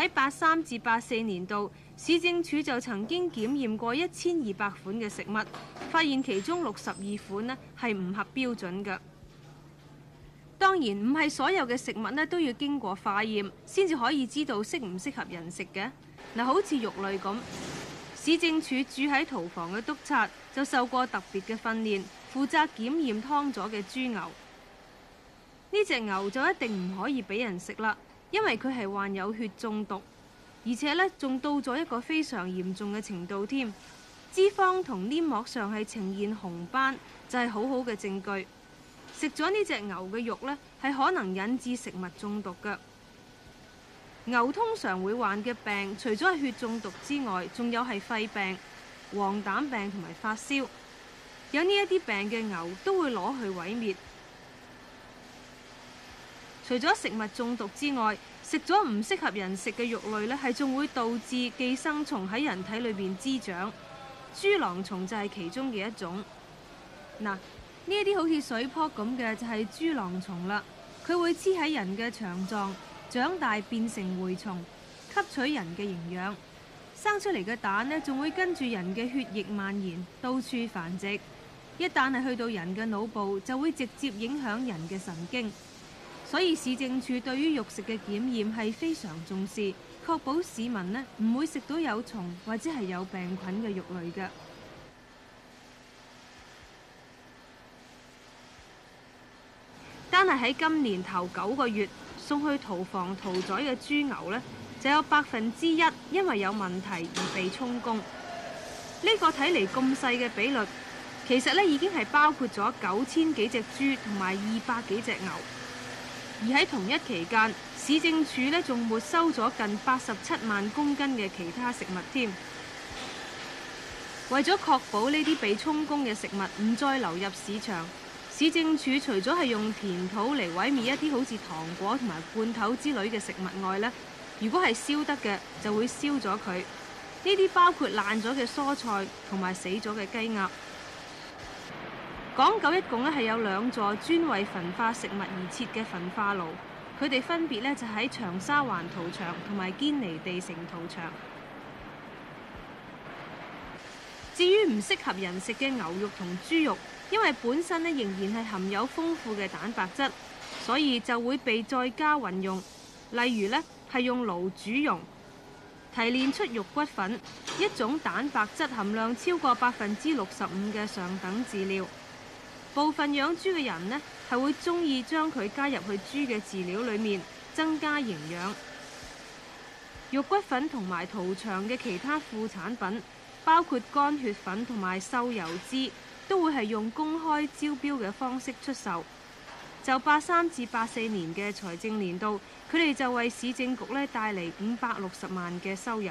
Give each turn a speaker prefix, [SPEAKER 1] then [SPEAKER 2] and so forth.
[SPEAKER 1] 喺八三至八四年度，市政署就曾經檢驗過一千二百款嘅食物，發現其中六十二款咧係唔合標準嘅。當然唔係所有嘅食物咧都要經過化驗先至可以知道適唔適合人食嘅。嗱，好似肉類咁，市政署住喺屠房嘅督察就受過特別嘅訓練，負責檢驗劏咗嘅豬牛。呢隻牛就一定唔可以俾人食啦。因為佢係患有血中毒，而且呢仲到咗一個非常嚴重嘅程度添。脂肪同黏膜上係呈現紅斑，就係好好嘅證據。食咗呢隻牛嘅肉呢，係可能引致食物中毒嘅。牛通常會患嘅病，除咗係血中毒之外，仲有係肺病、黃疸病同埋發燒。有呢一啲病嘅牛都會攞去毀滅。除咗食物中毒之外，食咗唔適合人食嘅肉類呢，係仲會導致寄生蟲喺人體裏邊滋長。豬囊蟲就係其中嘅一種。嗱，呢一啲好似水泡咁嘅就係豬囊蟲啦。佢會黐喺人嘅腸臟長大，變成蛔蟲，吸取人嘅營養。生出嚟嘅蛋呢，仲會跟住人嘅血液蔓延到處繁殖。一旦係去到人嘅腦部，就會直接影響人嘅神經。所以市政處對於肉食嘅檢驗係非常重視，確保市民呢唔會食到有蟲或者係有病菌嘅肉類嘅。單係喺今年頭九個月送去屠房屠宰嘅豬牛呢，就有百分之一因為有問題而被充公。呢個睇嚟咁細嘅比率，其實呢已經係包括咗九千幾隻豬同埋二百幾隻牛。而喺同一期間，市政署咧仲沒收咗近八十七萬公斤嘅其他食物添。為咗確保呢啲被充公嘅食物唔再流入市場，市政署除咗係用填土嚟毀滅一啲好似糖果同埋罐頭之類嘅食物外，呢如果係燒得嘅，就會燒咗佢。呢啲包括爛咗嘅蔬菜同埋死咗嘅雞鴨。港九一共呢係有兩座專為焚化食物而設嘅焚化爐，佢哋分別呢就喺長沙灣屠場同埋堅尼地城屠場。至於唔適合人食嘅牛肉同豬肉，因為本身仍然係含有豐富嘅蛋白質，所以就會被再加運用，例如呢，係用爐煮溶，提煉出肉骨粉，一種蛋白質含量超過百分之六十五嘅上等飼料。部分養豬嘅人呢，係會中意將佢加入去豬嘅飼料裏面，增加營養。肉骨粉同埋屠場嘅其他副產品，包括乾血粉同埋瘦油脂，都會係用公開招標嘅方式出售。就八三至八四年嘅財政年度，佢哋就為市政局呢帶嚟五百六十萬嘅收入。